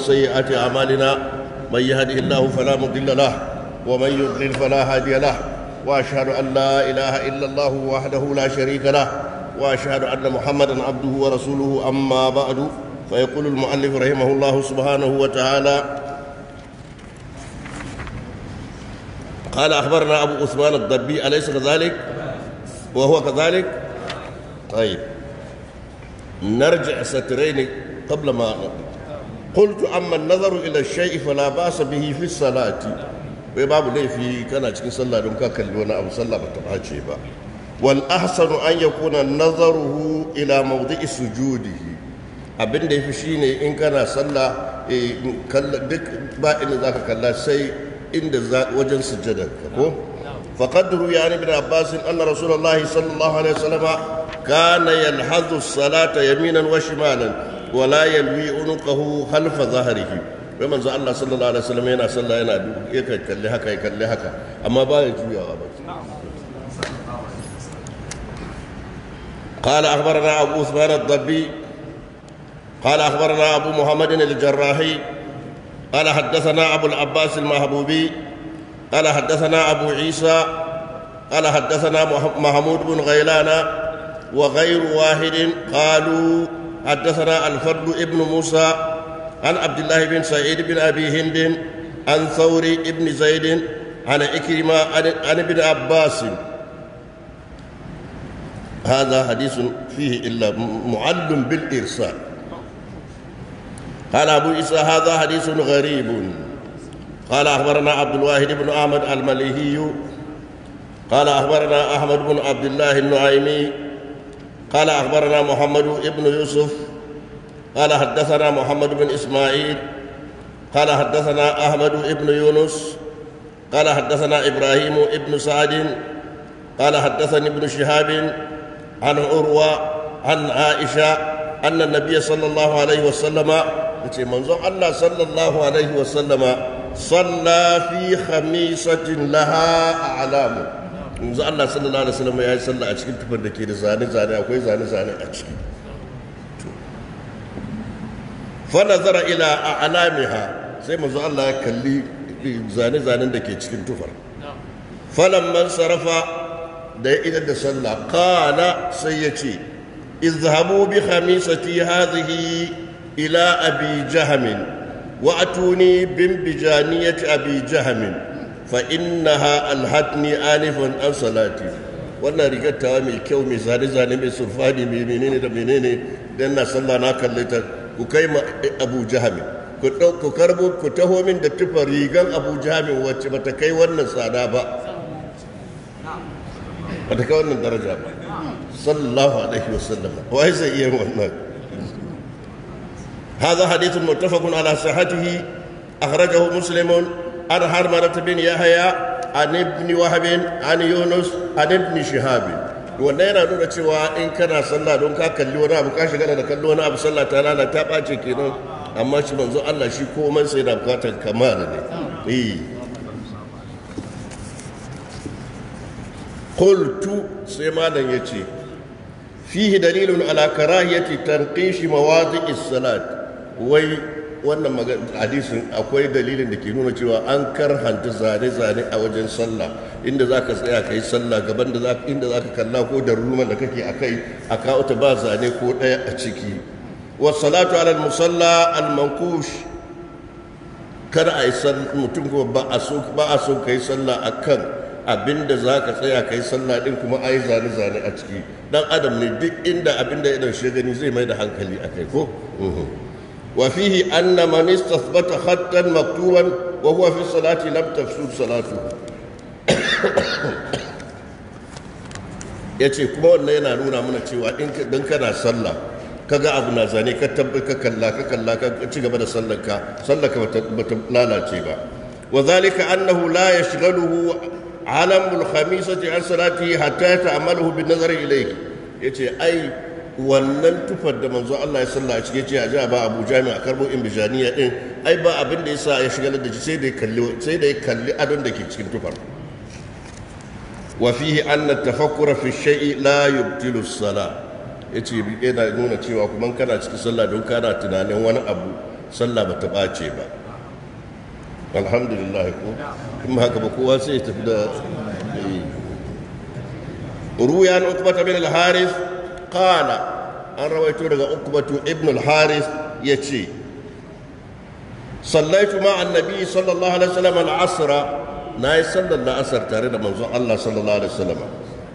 سيئات أعمالنا من يهده الله فلا مضل له ومن يضلل فلا هادي له وأشهد أن لا إله إلا الله وحده لا شريك له وأشهد أن محمدا عبده ورسوله أما بعد فيقول المؤلف رحمه الله سبحانه وتعالى قال أخبرنا أبو عثمان الضبي أليس كذلك وهو كذلك طيب نرجع سترين قبل ما qultu amma an-nazaru ila ash-shay'i fala ba'sa bihi fi salati bai babu laifi kana cikin sallah don ka kalli wani abu sallah ba ta bace ba wal ahsanu an yakuna nazaruhu ila mawdi'i sujudihi abin da yafi shine in kana sallah duk ba inda zaka kalla sai inda wajen sujjada ko faqad ruya an ibn abbas anna rasulullahi sallallahu alaihi wasallam kana yanhazu as-salata yaminan wa shimalan wala yalwi unuqahu halfa zahrihi wai manzo Allah sallallahu alaihi wasallam yana sallah yana ya kai kalle haka ya kalle haka amma ba ya juyawa ba قال أخبرنا أبو عثمان الضبي قال أخبرنا أبو محمد الجراحي قال حدثنا أبو العباس المهبوبي قال حدثنا أبو عيسى قال حدثنا محمود بن غيلان وغير واحد قالوا حدثنا الفرد ابن موسى عن عبد الله بن سعيد بن أبي هند عن ثور ابن زيد عن إكرمة عن ابن عباس هذا حديث فيه إلا معلم بالإرسال قال أبو عيسى هذا حديث غريب قال أخبرنا عبد الواحد بن أحمد المليهي قال أخبرنا أحمد بن عبد الله النعيمي قال أخبرنا محمد بن يوسف قال حدثنا محمد بن إسماعيل قال حدثنا أحمد بن يونس قال حدثنا إبراهيم بن سعد قال حدثني ابن شهاب عن عروة عن عائشة أن النبي صلى الله عليه وسلم منظر الله صلى الله عليه وسلم صلى في خميسة لها أعلام yanzu Allah sallallahu alaihi wasallam ya yi sallah a cikin tufar da ke da zane-zane akwai zane-zane a ciki fa nazara ila a'lamiha sai manzo Allah ya kalli zane-zanen da ke cikin tufar falamman sarafa da ya idar da sallah kana sai ya ce izhabu bi khamisati hadhihi ila abi jahamin wa atuni bin bijaniyati abi jahamin fa innaha alhatni alifan an salati wannan rigar ta mai kyau mai zane-zane mai sulfani mai menene da menene dan na sallah na kalle ta ku kai ma abu jahami ku karbo ku taho min da tufa rigan abu jahami wacce bata kai wannan tsada ba bata kai wannan daraja ba sallallahu alaihi wasallam wai sai iya wannan هذا حديث متفق على صحته أخرجه مسلم har حرملة بن يحيى عن ابن وهب عن يونس عن ابن شهاب wannan yana nuna cewa in kana sallah don ka kalli wani abu ka shiga da kallo wani abu sallah ta lana ta bace kenan amma shi manzo Allah shi komai sai da bukatar kamar ne eh qultu sai malam yace fihi dalilun ala karahiyati tanqishi mawadi'is salat wai wannan hadisin akwai dalilin da ke nuna cewa an karhanta zane-zane a wajen sallah inda za ka tsaya ka yi sallah gaban da inda za ka kalla ko da ruma da kake a kai a kawo ta ba zane ko ɗaya a ciki wasalatu ala musalla al mankush kada a yi mutum ko ba a so ba a so a sallah abin abinda za ka tsaya kai sallah din kuma a yi zane-zane a ciki dan adam ne duk inda abinda ya daushe gani zai mai da hankali a kai ko mhm. وفيه أن من استثبت خطا مكتوبا وهو في الصلاة لم تفسد صلاته Yace kuma wannan yana nuna mana cewa in kana sallah ka ga abu na zane ka tabbai ka kalla ka kalla ka ci gaba da sallar sallarka sallarka bata lalace ba wa zalika annahu la yashghaluhu alamul khamisati an salatihi hatta yata'amalahu bin nazari ilayhi yace ai wannan tufar da manzo Allah ya salla a cike ce a ja ba Abu jami'a a karbo in bijaniya din ai ba abin da yasa ya shiga da sai da kalli sai da kalli adon da ke cikin tufar wa fihi anna tafakkura fi shay'i la yubtilu as-sala yace yana nuna cewa kuma kana cikin sallah don kana tunanin wani abu sallah ba ta bace ba alhamdulillah ko kuma haka ba kowa sai ya tafi da eh. ruya an utbata bin al-harith qala an rawaito daga ukbatu ibn al-haris yace sallaitu ma annabi sallallahu alaihi wasallam al-asra yi sallar la'asar tare da manzon Allah sallallahu alaihi wasallam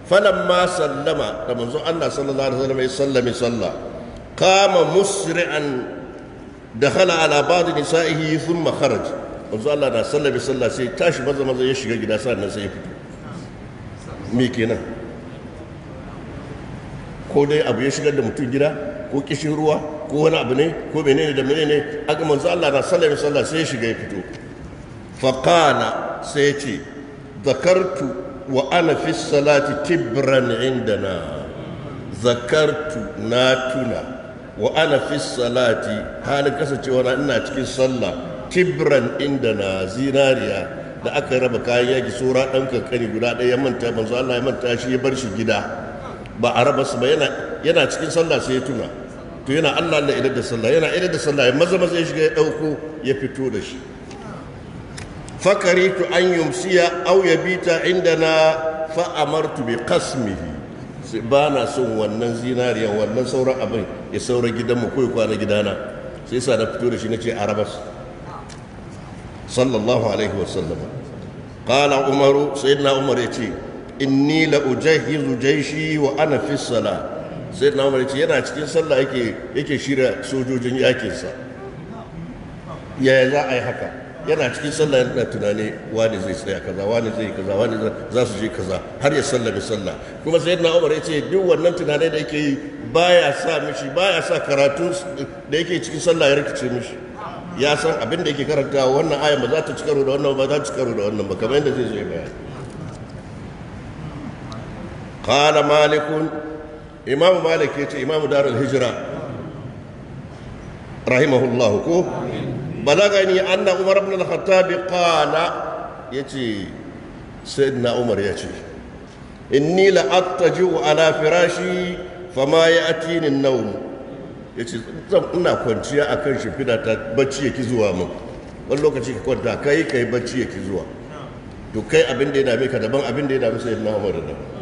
falamma sallama da manzon Allah sallallahu alaihi wasallam ya sallami sallah qama musri'an dakhala ala ba'd nisa'ihi thumma kharaja manzon Allah na sallami sallah sai tashi maza maza ya shiga gida sannan sai ya fito me kenan ko dai abu ya shigar da mutum gida ko kishin ruwa ko wani abu ne ko menene da menene aka manzo Allah na sallar da sallah sai ya shiga ya fito faqala sai ce zakartu wa ana fi salati tibran indana zakartu na tuna wa ana fi salati halin kasancewa na ina cikin sallah tibran indana zinariya da aka raba kayan yaki tsora ɗan kankani guda ɗaya ya manta manzo Allah ya manta shi ya bar shi gida ba a raba su ba yana cikin sallah sai ya tuna to yana Allah Allah idar da sallah yana idar da sallah maza maza ya shiga ya dauko ya fito da shi fakaritu an yumsiya bita, inda na fa amartu bi sai ba na son wannan zinariya wannan sauran abin ya saura gidanmu ko ya kwana gidana sai sa na fito da shi na nace arabas sallallahu alaihi wasallam qala umaru sayyidina umar ya ce. inni la ujahizu jaishi wa ana fi sala sai na umar ce yana cikin sallah yake yake shirya sojojin yakinsa yaya za a yi haka yana cikin sallah yana tunani wani zai tsaya kaza wani zai kaza wani za su je kaza har ya sallame sallah kuma sai na umar ya ce duk wannan tunanai da yake yi baya sa mishi baya sa karatu da yake cikin sallah ya rikice mishi ya san abin da yake karanta wannan aya ba za ta ci karo da wannan ba za ta ci karo da wannan ba kamar yadda zai zo ya bayani qala malikun imamu malik yace imamu darul hijra rahimahullah ko balagani anna umar ibn al-khattab qala yace sayyidina umar yace inni la attaji'u ala firashi fama ya'tini an-nawm yace zan ina kwanciya akan shimfida ta bacci yake zuwa min wani lokaci ka kwanta kai kai bacci yake zuwa to kai abin da ya dame ka daban abin da ya dame na umar daban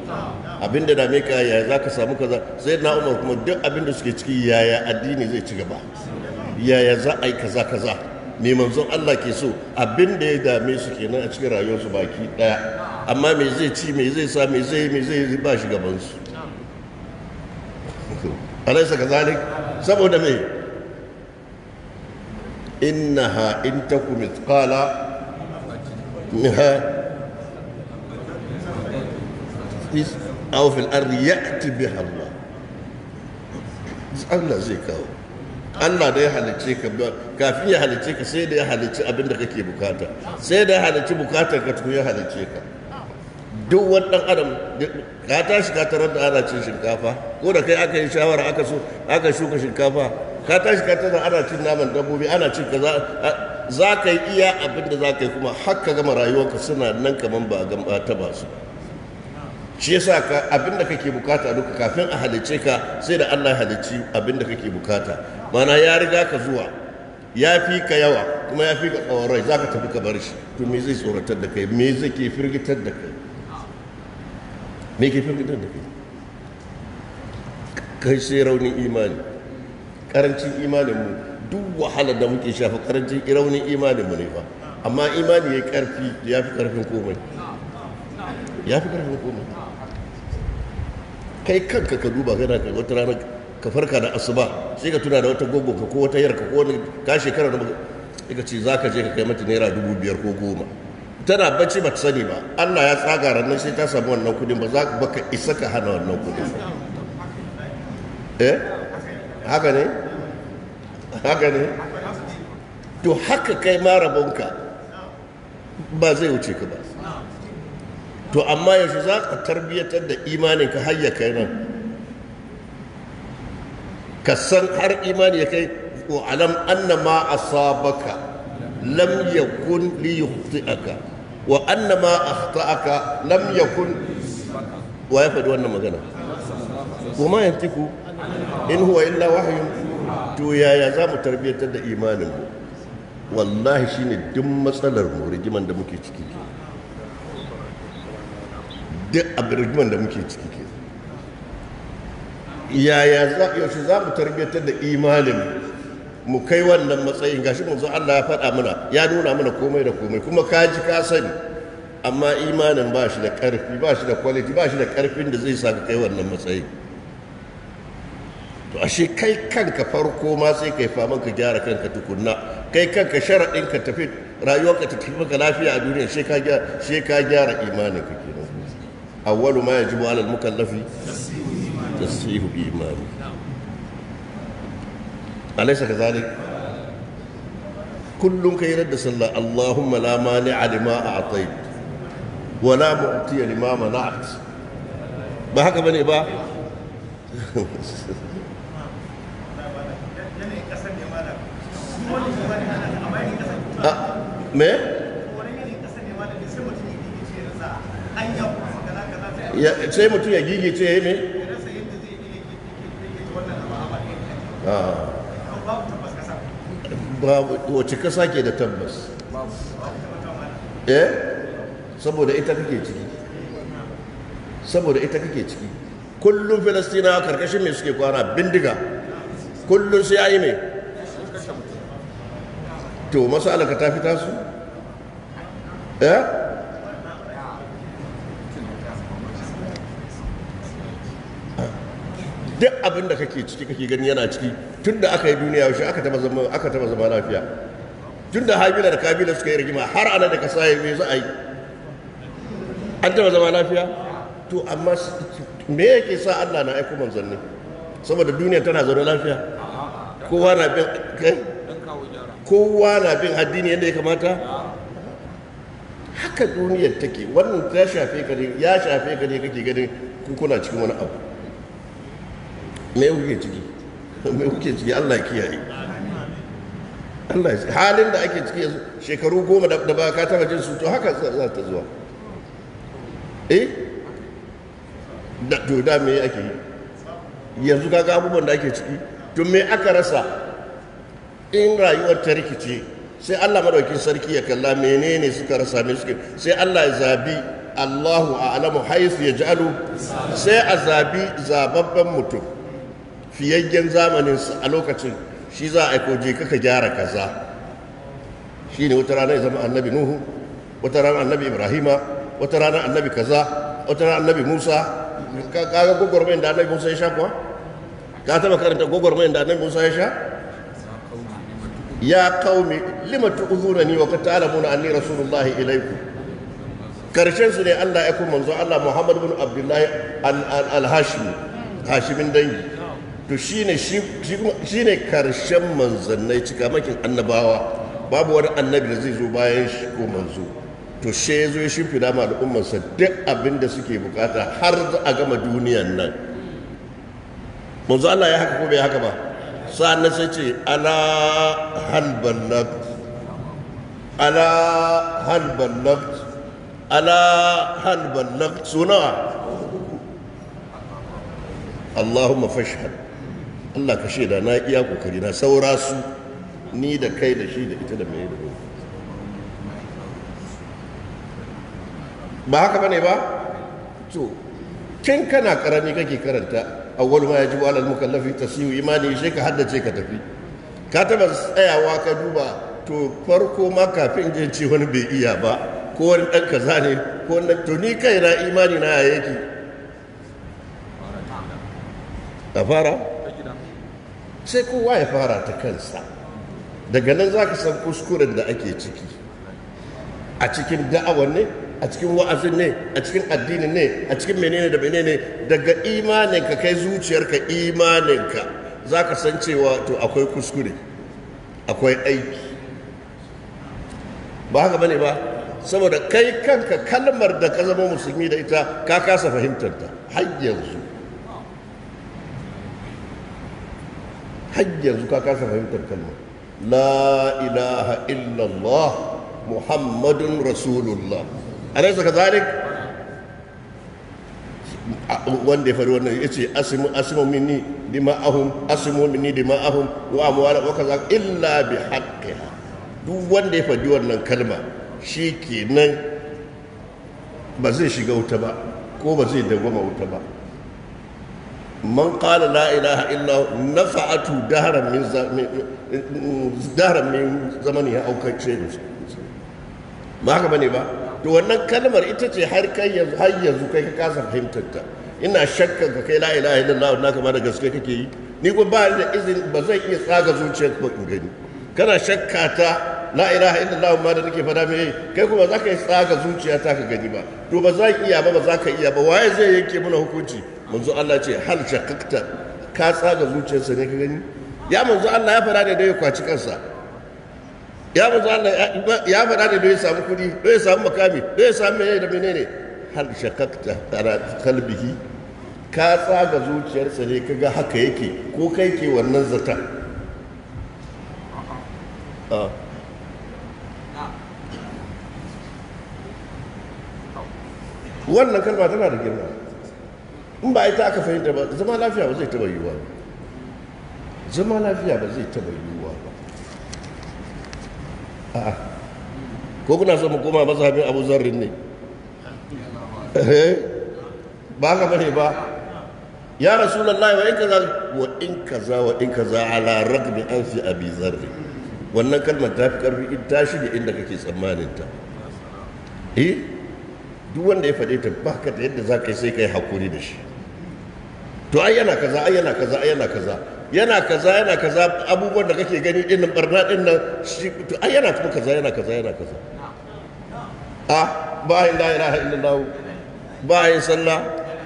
abin da dame ka yaya za ka samu kaza sai na umar kuma duk abin da suke ciki yaya addini zai ci gaba yaya za a yi kaza kaza mai manzon Allah ke so abin da ya dame su kenan a cikin rayuwarsu baki daya amma me zai ci me zai sa me zai me zai ba shi gaban su alaisa zalik saboda me innaha in kuma mithqala fis aw fil ardi ya'ti biha Allah Allah zai kawo Allah da ya halicce ka kafin ya halicce ka sai da ya halicci abin da kake bukata sai da ya halicci bukatar ka tukun ya halicce ka duk wani ɗan adam ka tashi ka tarar da ana cin shinkafa ko da kai aka yi shawara aka so aka shuka shinkafa ka tashi ka tarar ana cin naman dabbobi ana cin kaza za ka yi iya abin da za ka yi kuma har ka gama rayuwarka suna nan kaman ba a ba su shi yasa ka abinda kake bukata duka kafin a halice ka sai da Allah halicci abinda kake bukata mana ya riga ka zuwa ya fi ka yawa kuma ya fi ka kawarai za ka tafi ka bar shi to me zai tsoratar da kai me zai ke firgitar da kai me ke firgitar da kai kai sai raunin imani karancin imanin mu duk wahalar da muke shafa karancin raunin imanin mu ne fa amma imani ya karfi ya fi karfin komai ya fi karfin komai kai kanka ka duba kana ka wata rana ka farka da asuba sai ka tuna da wata gogo ka ko wata yarka ko wani ka shekara da sai ka ce za ka je ka kai mata naira dubu biyar ko goma tana bacci ba ta sani ba Allah ya tsaga ranar sai ta samu wannan kudin ba za ka isa ka hana wannan kudin eh haka ne haka ne to haka kai ma rabonka ba zai wuce ka ba to amma yanzu za ka tarbiyyatar da imanin ka har kai nan ka san har imani ya kai ko alam anna ma asabaka lam yakun li yukhti'aka wa anna ma akhta'aka lam yakun wa ya faɗi wannan magana wa ma yantiku in huwa illa wahyun to yaya za mu tarbiyyatar da imanin mu wallahi shine duk matsalar mu rigiman da muke ciki duk abirgiman da muke ciki ke yaya yaushe za mu tarbiyatar da imanin mu kai wannan matsayin gashi zo Allah ya faɗa mana ya nuna mana komai da komai kuma ka ji ka sani amma imanin ba shi da ƙarfi ba shi da kwaliti ba shi da ƙarfin da zai sa ka kai wannan matsayin to ashe kai kanka farko ma sai kai faman ka gyara kanka tukunna kai kanka sharaɗin ka tafi rayuwarka ta tafi maka lafiya a duniya sai ka gyara imanin ka kenan awwalu ma yajibu ala al-mukallafi tasihu bi imani alaysa kadhalik kullun kayrar da sallah allahumma la mani'a lima a'tayt wa la mu'tiya lima ba haka ba ah, sai mutum ya gigi ce ya yi mai ah. wace kasa ke da tabbas eh saboda ita kake ciki saboda ita kake ciki kullum filistina karkashin mai suke kwana bindiga kullum sai yi mai to masu alaka ta fita su eh duk abin da kake ciki kake gani yana ciki tun da aka yi duniya shi aka taba zama aka taba zama lafiya tun da habila da kabila suka yi rigima har ana da kasa mai za a yi an taba zama lafiya to amma me yake sa Allah na aiko manzanni saboda duniya tana zaune lafiya kowa na bin eh? kowa na bin addini yadda ya kamata haka duniyar take wannan ta shafe ka ne ya shafe ka ne kake ganin kuna cikin wani abu me kuke ciki me kuke ciki Allah kiyaye Allah halin da ake ciki yanzu shekaru goma da ba ka taba jin su to haka za ta zuwa eh da to da me ake yi yanzu ga abubuwan da ake ciki to me aka rasa in rayuwar ta rikice sai Allah madaukin sarki ya kalla menene suka rasa me suke sai Allah ya zabi Allahu a a'lamu ya ja'alu, sai a zabi zababben mutum fiyayyen zamanin a lokacin shi za a aiko je kaka gyara kaza shi ne wata rana ya zama annabi nuhu wata rana annabi ibrahima wata rana annabi kaza wata rana annabi musa kaga gwagwarmayin da annabi musa ya sha kuwa ka taba karanta gwagwarmayin da annabi musa ya sha ya kaumi lima tu'uzuna ni wa qad ta'lamuna anni rasulullahi ilaykum karshen su ne Allah ya kuma manzo Allah Muhammad bin Abdullahi al-Hashimi Hashimin dangi to shine shine karshen manzannai makin annabawa babu wani annabi da zai zo bayan shi ko manzo to she ya zo ya shimfida ma al'ummarsa duk abin da suke bukata har za a gama duniyan nan manzo Allah ya haka ko bai haka ba sa'an sai ce ala hal ballag ala hal ballag ala hal ballag sunawa Allahumma fashhad Allah ka shaida na iya kokari na saura su ni da kai da shi da ita da mai da ba haka bane ba to kin kana karami kake karanta awwal ma ya yajibu alal ta tasiyu imani sai ka haddace ka tafi ka taba tsayawa ka duba to farko ma kafin jin ci wani bai iya ba ko wani dan kaza ne ko wani to ni kai na imani na yake a fara sai kowa ya fara ta kansa daga nan za ka san kuskuren da ake ciki a cikin da'awar ne a cikin wa'azin ne a cikin addini ne a cikin menene da menene daga imaninka kai zuciyarka imaninka za ka san cewa to akwai kuskure akwai aiki ba haka bane ba saboda kai kanka kalmar da ka zama musulmi da ita ka kasa fahimtar ta har yanzu har yanzu ka kasa fahimtar kalma la ilaha illallah muhammadun rasulullah ka kadhalik wanda ya faru wannan ya ce asimu asimu minni dima'ahum asimu minni dima'ahum wa amwala wa kaza illa bi haqqiha duk wanda ya faɗi wannan kalma shi kenan ba zai shiga wuta ba ko ba zai dagwama wuta ba man qala la ilaha illa nafa'atu dahran min dahran min zamani ya auka ce ba haka bane ba to wannan kalmar ita ce har kai yanzu har yanzu kai ka kasa fahimtar ta ina shakkar ka kai la ilaha illallah na kamar da gaske kake yi ni ko ba da izin ba zan iya tsaga zuciyar ba in gani kana shakka ta la ilaha illallah ma da take fada me kai kuma zaka yi tsaka zuciya ta ka gani ba to ba za ki iya ba ba za ka iya ba waye zai yanke mana hukunci manzo Allah ce hal shakakta ka tsaka zuciyarsa ne ka gani ya manzo Allah ya fada da dai kwaci kansa ya manzo Allah ya fada da dai samu kudi dai samu makami dai samu menene da menene hal shakakta ala qalbihi ka tsaga zuciyarsa ne kaga haka yake ko kai ke wannan zata ah. wannan kalma tana da girma in ba ita aka fahimta ba zama lafiya ba zai taba yiwuwa ba zama lafiya ba zai taba yiwuwa ba a'a ko kuna son mu koma mazhabin abu zarrin ne eh? ba ka bane ba ya rasulullahi wa in kaza wa in kaza wa in kaza ala ragbi an fi abi zarri wannan kalmar ta fi karfi in tashi da inda kake tsammanin ta eh duk wanda ya faɗi ta ba ka da yadda za ka yi sai ka yi haƙuri da shi to ai yana kaza ai yana kaza ai yana kaza yana kaza yana kaza abubuwan da kake gani ɗin barna ɗin nan shi to ai yana kuma kaza yana kaza yana kaza a ba bayan la ilaha illallah bayan sallah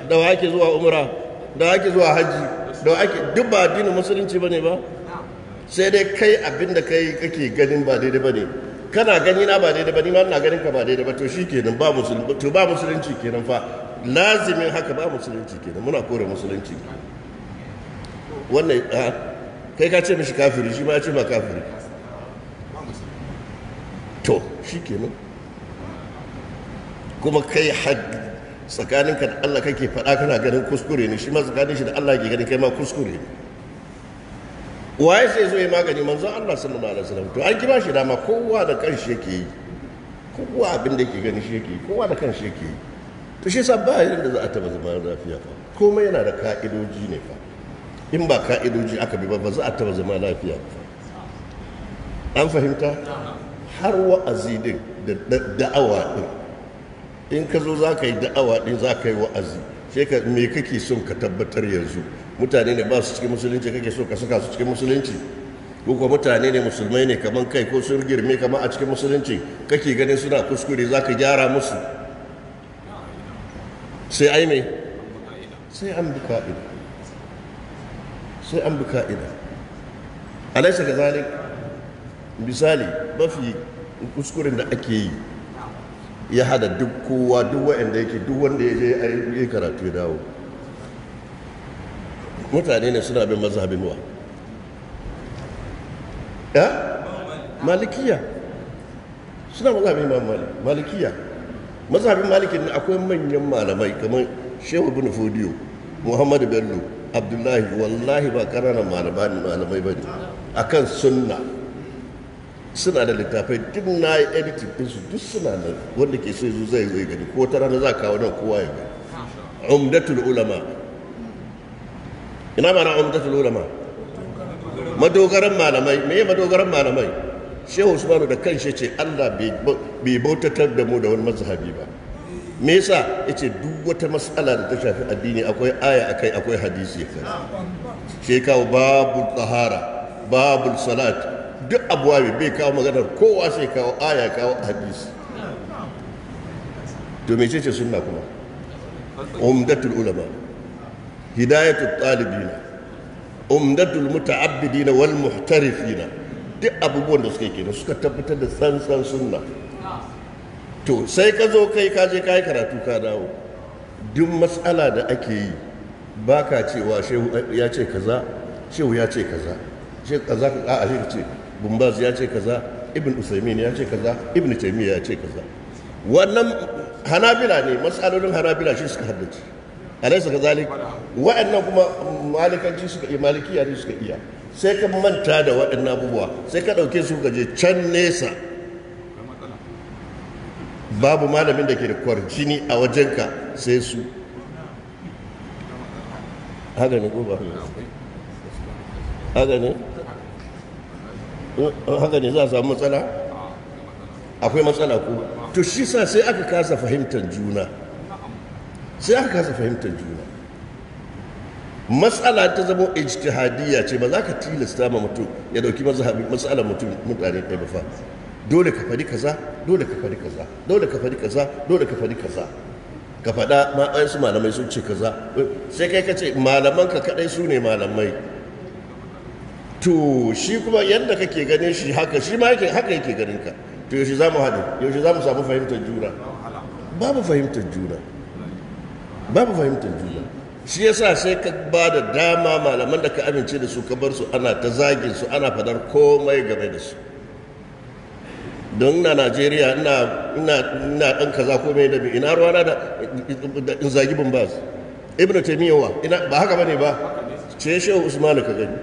da wa ake zuwa umra da wa ake zuwa haji, da wa ake duk ba addinin musulunci bane ba sai dai kai abinda kai kake ganin ba daidai bane kana gani na ba daidai ba ni ma ina ganin ka ba daidai ba to shikenan ba musulunci to ba musulunci kenan fa lazimin haka ba musulunci kenan muna kore musulunci wannan ah, kai ka ce mishi kafiri shi ma ya ce ma kafiri to shikenan kuma kai haddi tsakaninka da Allah kake faɗa kana ganin kuskure ne shi ma tsakanin shi da Allah ke ganin kai ma kuskure ne waye sai zo ya magani manzon Allah sallallahu alaihi wasallam to an kira shi dama kowa da kanshi yake yi kowa abin da yake gani shi yake yi kowa da kanshi yake yi to shi yasa ba yadda da za a taba zama lafiya fa komai yana da ka'idoji ne fa in ba ka'idoji aka bi ba ba za a taba zama lafiya fa an fahimta har wa'azi din da da'awa din in ka zo za ka yi da'awa din za ka yi wa'azi sai ka me kake son ka tabbatar yanzu mutane ne ba su cikin musulunci kake so ka saka su cikin musulunci ko kuwa mutane ne musulmai ne kaman kai ko sun girme kaman a cikin musulunci kake ganin suna kuskure za ka gyara musu sai ai mai sai an bi ka'ida sai an bi ka'ida alaisa ga zalik misali mafi kuskuren da ake yi ya hada duk kowa duk wa'anda yake duk wanda ya je ya karatu ya dawo mutane ne suna bin mazhabin wa ya malikiya suna mazhabin imam malik malikiya mazhabin malikin ne akwai manyan malamai kamar shehu ibn fudiyo muhammad bello abdullahi wallahi ba ƙananan malamai ba ne akan sunna suna da littafai duk na yi editing ɗinsu duk suna nan wanda ke so zai zai gani ko ta rana za kawo nan kowa ya gani umdatul ulama ina ma na umdatul ulama madogaran malamai me madogaran malamai shehu usmanu da shi ce Allah bai bautatar da mu da wani mazhabi ba me yasa yace duk wata matsala da ta shafi addini akwai aya akai akwai hadisi kai shi kawo babu tsahara babu salat duk abuwabi bai kawo maganar kowa sai kawo aya kawo hadisi to me ce sunna kuma umdatul ulama hidayatul talibina umdatul muta'abbidina wal muhtarifina duk abubuwan da suka yi kenan suka tabbatar da tsantsan sunna to sai ka zo kai ka je kai karatu ka dawo duk matsala da ake yi baka cewa shehu ya ce kaza shehu ya ce kaza shehu kaza a shehu ce bumbaz ya ce kaza ibn usaimin ya ce kaza ibn taymiya ya ce kaza wannan hanabila ne matsalolin hanabila shi suka haddace ka zalik wa'annan kuma malikanci suka iya malikiya ne suka iya sai ka manta da waɗannan abubuwa sai ka ɗauke su ka je can nesa babu malamin da ke da kwarjini a wajenka sai su haka ne ko ba haka ne haka ne za a samu matsala akwai matsala ko to shi sa sai aka kasa fahimtar juna sai aka kasa fahimtar juna matsala ta zama ijtihadiyya ce ba za ka tilasta ma mutum ya dauki mazhabi matsalar mutum mutane ɗaya ba fa dole ka faɗi kaza dole ka faɗi kaza dole ka faɗi kaza dole ka faɗi kaza ka faɗa ma su malamai sun ce kaza sai kai ka ce malaman ka kaɗai su ne malamai to shi kuma yadda kake ganin shi haka shi ma haka yake ganin ka to yaushe za mu haɗu yaushe za mu samu fahimtar juna babu fahimtar juna babu fahimtar juna shi yasa sai ka ba da dama malaman da ka amince da su ka bar su ana ta zagin su ana fadar komai game da su don na najeriya ina ɗan kaza ko mai da ina ruwana da in zagi bin su ibn taimiyya ba haka bane ba ce shehu usmanu ka gani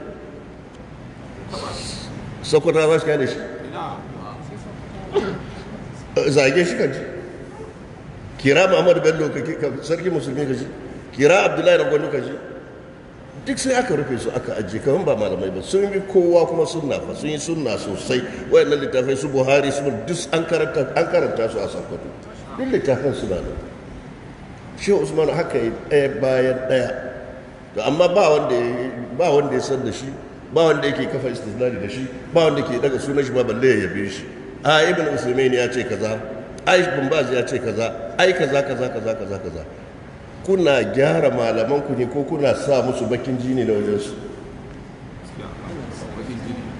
sakwata ba shi kai da shi zage shi kan ji kira muhammadu bello ka sarki musulmi ka ji kira abdullahi da gwani ka ji duk sai aka rufe su aka ajiye kamar ba malamai ba sun yi kowa kuma sun fa sun yi sunna sosai wayannan littafai su buhari su duk an karanta su a sakkwato duk littafan suna nan shi usman haka yi ɗaya bayan ɗaya to amma ba wanda ba wanda ya san da shi ba wanda yake kafa istisnadi da shi ba wanda ke daga sunan shi ba balle ya yabe shi a ibn usman ya ce kaza ai bumbaz ya ce kaza ai kaza kaza kaza kaza kaza kuna gyara malaman ku ne ko kuna sa musu bakin jini da wajen su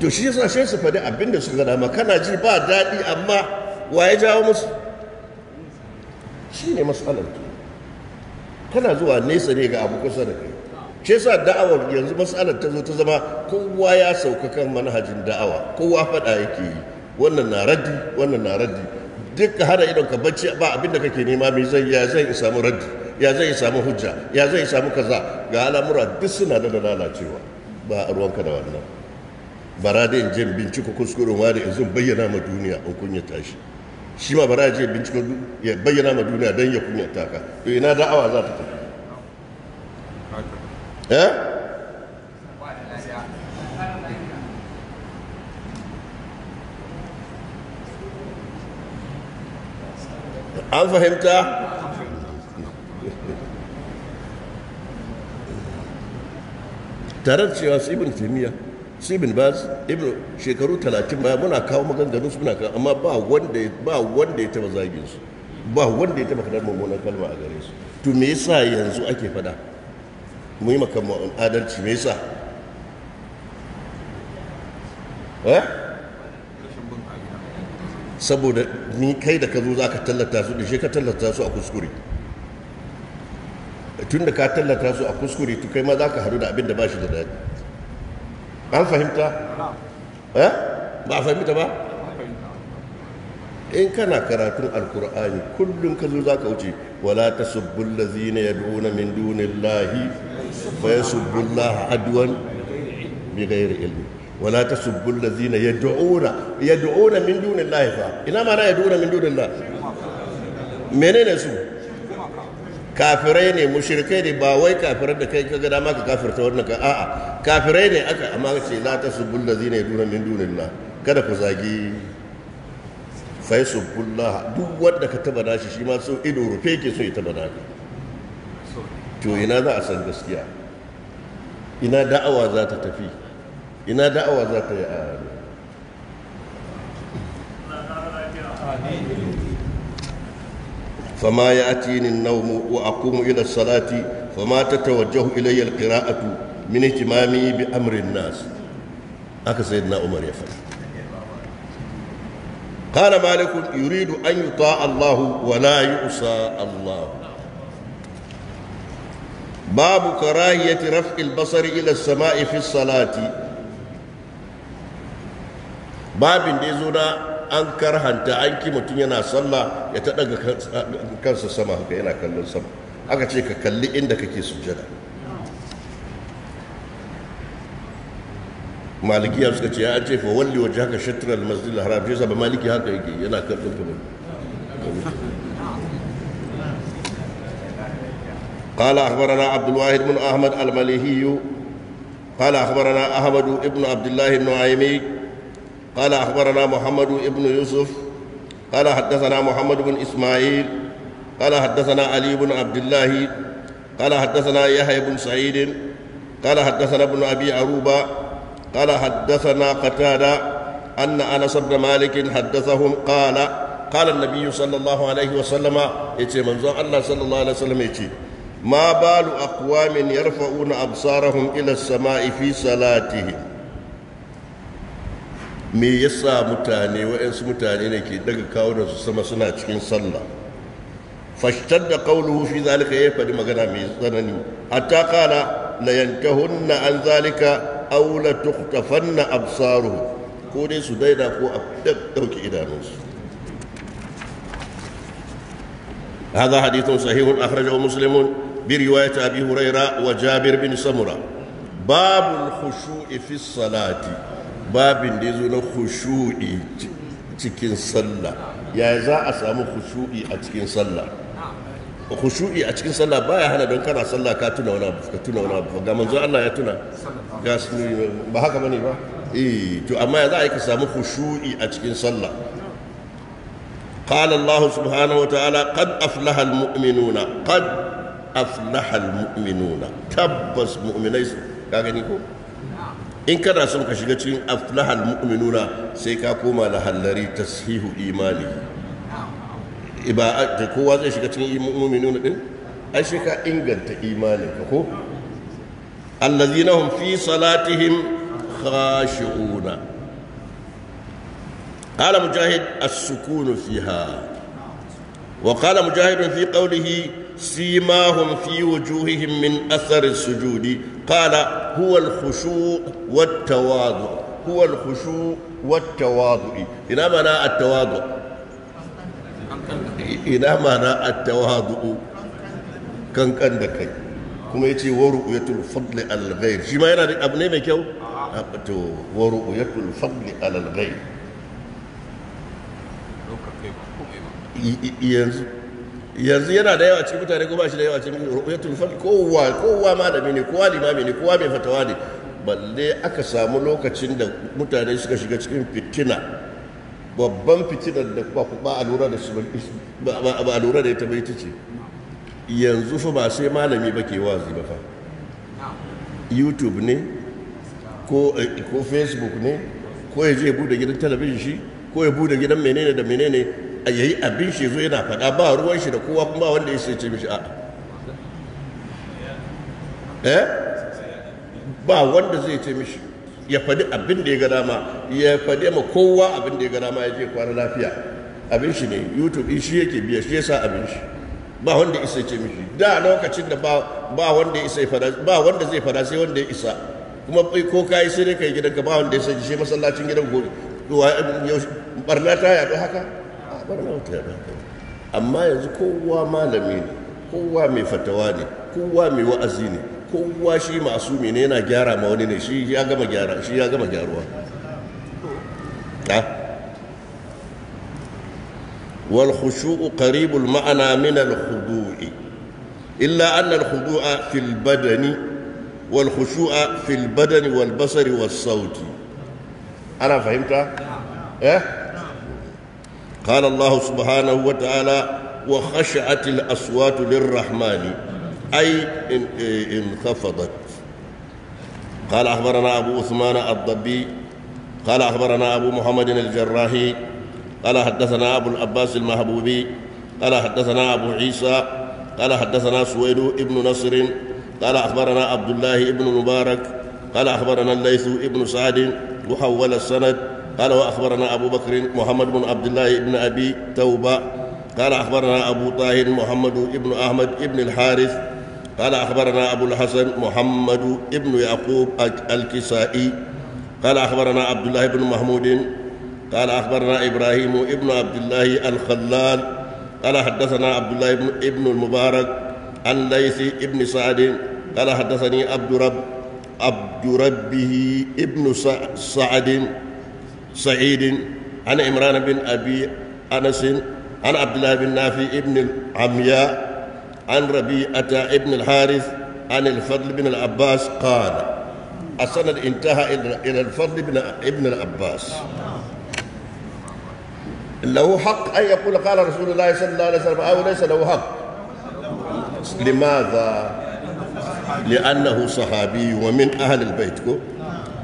to shi yasa shi su faɗi abinda suka gada dama kana ji ba daɗi amma wa ya jawo musu shi ne matsalar kana zuwa nesa ne ga abu kusa da kai shi sa da'awar yanzu matsalar ta zo ta zama kowa ya sauka kan manhajin da'awa kowa faɗa yake yi wannan na raddi wannan na raddi duk ka hada idon ka bacci ba abin da kake nema mai zai ya zai samu raddi ya zai samu hujja ya zai samu kaza ga al'amura duk suna da lalacewa ba a ruwanka da wannan bara da in je binciko kuskuren wani in zan bayyana ma duniya in kunya tashi shi ma bara je binciko ya bayyana ma duniya don ya kunya taka to ina da'awa za ta tafi eh an fahimta tare da cewa su ibn taimiyya su ibn baz ibn shekaru talatin baya muna kawo maganganu su muna kawo amma ba wanda ba wanda ya taba zagin su ba wanda ya taba kadar mummunan kalma a gare su to me yasa yanzu ake fada mu yi makamman adalci me yasa eh saboda ni kai da ka zo za ka tallata su da shi ka tallata su a kuskure tun da ka tallata su a kuskure tu kai ma za ka haru da abin da ba shi da daɗi an fahimta eh? ba a fahimta ba in kana karatun alkur'ani kullum ka zo za ka wuce wala ta subbul lazina yad'una min dunillahi fa yasubbullaha adwan bi ghairi ilmi wala ta tasubbu allazina ya yad'una min dunillahi fa ina ma na yad'una min dunin dunillah menene su kafirai ne mushrikai ne ba wai kafirar da kai kaga dama ka kafirta wannan ka a'a kafirai ne aka amma ce la tasubbu ya yad'una min dunillah kada ku zagi fa yasubbullah duk wanda ka taba dashi shi ma so ido rufe ke so ya taba dashi to ina za a san gaskiya ina da'awa za ta tafi ina da'awa za ta yi a yare ya ci ni naumu wa ila salati fama ta tawajjahu ilayya alqira'atu min ihtimami bi amri nas aka sayyidina umar ya faɗi kana malikun yuridu an yuta Allah wa la yusa Allah babu karahiyati raf'il basari ila as-sama'i salati babin da ya zo na an karhanta an ki mutum yana sallah ya ta daga kansa sama haka yana kallon sama aka ce ka kalli inda kake sujada ya suka ce ya ce fa walli waje haka shatrar masjidil haram shi ba maliki haka yake yana kallon kamar قال اخبرنا عبد الواحد بن احمد المليهي قال اخبرنا احمد بن عبد الله بن عيمي قال أخبرنا محمد بن يوسف قال حدثنا محمد بن إسماعيل قال حدثنا علي بن عبد الله قال حدثنا يحيى بن سعيد قال حدثنا ابن أبي عروبة قال حدثنا قتادة أن أنس بن مالك حدثهم قال قال النبي صلى الله عليه وسلم يتي منزون الله صلى الله عليه وسلم يتي ما بال أقوام يرفعون أبصارهم إلى السماء في صلاتهم me yasa mutane waɗansu mutane ne ke daga kawo da su sama suna cikin sallah fashtar da kauluhu fi zalika ya faɗi magana mai tsanani hatta kana la yantahunna an zalika aw la tuqtafanna absaruhu ko dai su daida ko a dauke idanunsu هذا حديث صحيح أخرجه مسلم برواية أبي هريرة وجابر بن سمرة باب الخشوع في الصلاة babin da ya zo na khushu'i cikin sallah ya za a samu khushu'i a cikin sallah khushu'i a cikin sallah baya hana don kana sallah ka tuna wani abu ka tuna wani abu ga manzo Allah ya tuna ga ba haka bane ba eh to amma ya za a yi ka samu khushu'i a cikin sallah قال الله سبحانه وتعالى قد أفلح المؤمنون قد أفلح المؤمنون تبس مؤمنين كاغني in kana son ka shiga cikin aflahal mu'minuna sai ka koma da hallari tashihu imani ba kowa zai shiga cikin mu'minuna din ai sai ka inganta imanin ka ko allazina hum fi salatihim khashi'una qala mujahid as-sukun fiha wa qala mujahid fi qawlihi سيماهم في وجوههم من أثر السجود قال هو الخشوع والتواضع هو الخشوع والتواضع إلى معنى التواضع إلى معنى التواضع كان كان دكي كما يتي ورؤية الفضل على الغير شما يرى أبني ميكو ورؤية الفضل على الغير yanzu yanzu yana da yawa cikin mutane ko ba shi da yawa cikin ru'yatul fadl kowa kowa malami ne kowa limami ne kowa mai fatawa ne balle aka samu lokacin da mutane suka shiga cikin fitina babban fitinar da ba ba a lura da su ba a lura da ita bai ce yanzu fa ba sai malami ba ke wazi ba fa youtube ne ko eh, ko facebook ne ko ya je bude gidan talabijin shi ko ya bude gidan menene da menene yayi abin shi zo yana faɗa ba ruwan shi da kowa kuma wanda ya ce mishi a eh ba wanda zai ce mishi ya faɗi abin da ya ga dama ya faɗi ma kowa abin da ya ga dama ya je kwana lafiya abin shi ne youtube shi yake biya shi yasa abin shi ba wanda isa ce mishi da lokacin da ba wanda isa fada ba wanda zai fada sai wanda ya isa kuma ko kayi sai kai gidanka ba wanda ya sai shi masallacin gidan gobe barna ta yaɗu haka wannan tare amma yanzu kowa malami ne kowa mai fatawa ne kowa mai wa'azi ne kowa shi masu ne yana gyara ma wani ne shi ya gama gyara shi ya gama gyaruwa wal khushu'u qaribul ma'ana min al khudu'i illa anna al khudu'a fil badani wal khushu'a fil badani wal basari was sauti ana fahimta eh قال الله سبحانه وتعالى وخشعت الأصوات للرحمن أي إيه، انخفضت قال أخبرنا أبو عثمان الضبي قال أخبرنا أبو محمد الجراحي قال حدثنا أبو العباس المحبوبي قال حدثنا أبو عيسى قال حدثنا سويد ابن نصر قال أخبرنا عبد الله ابن مبارك قال أخبرنا الليث ابن سعد وحول السند قال وأخبرنا أبو بكر محمد بن عبد الله بن أبي توبة قال أخبرنا أبو طاهر محمد بن أحمد بن الحارث قال أخبرنا أبو الحسن محمد بن يعقوب الكسائي قال أخبرنا عبد الله بن محمود قال أخبرنا إبراهيم بن عبد الله الخلال قال حدثنا عبد الله بن ابن المبارك عن ليث بن سعد قال حدثني عبد رب عبد ربه ابن سعد سعيد عن عمران بن أبي أنس عن عبد الله بن نافي ابن العمياء عن ربيعة ابن الحارث عن الفضل بن العباس قال السند انتهى إلى الفضل بن ابن العباس له حق أن يقول قال رسول الله صلى الله عليه وسلم أو ليس له حق لماذا؟ لأنه صحابي ومن أهل البيت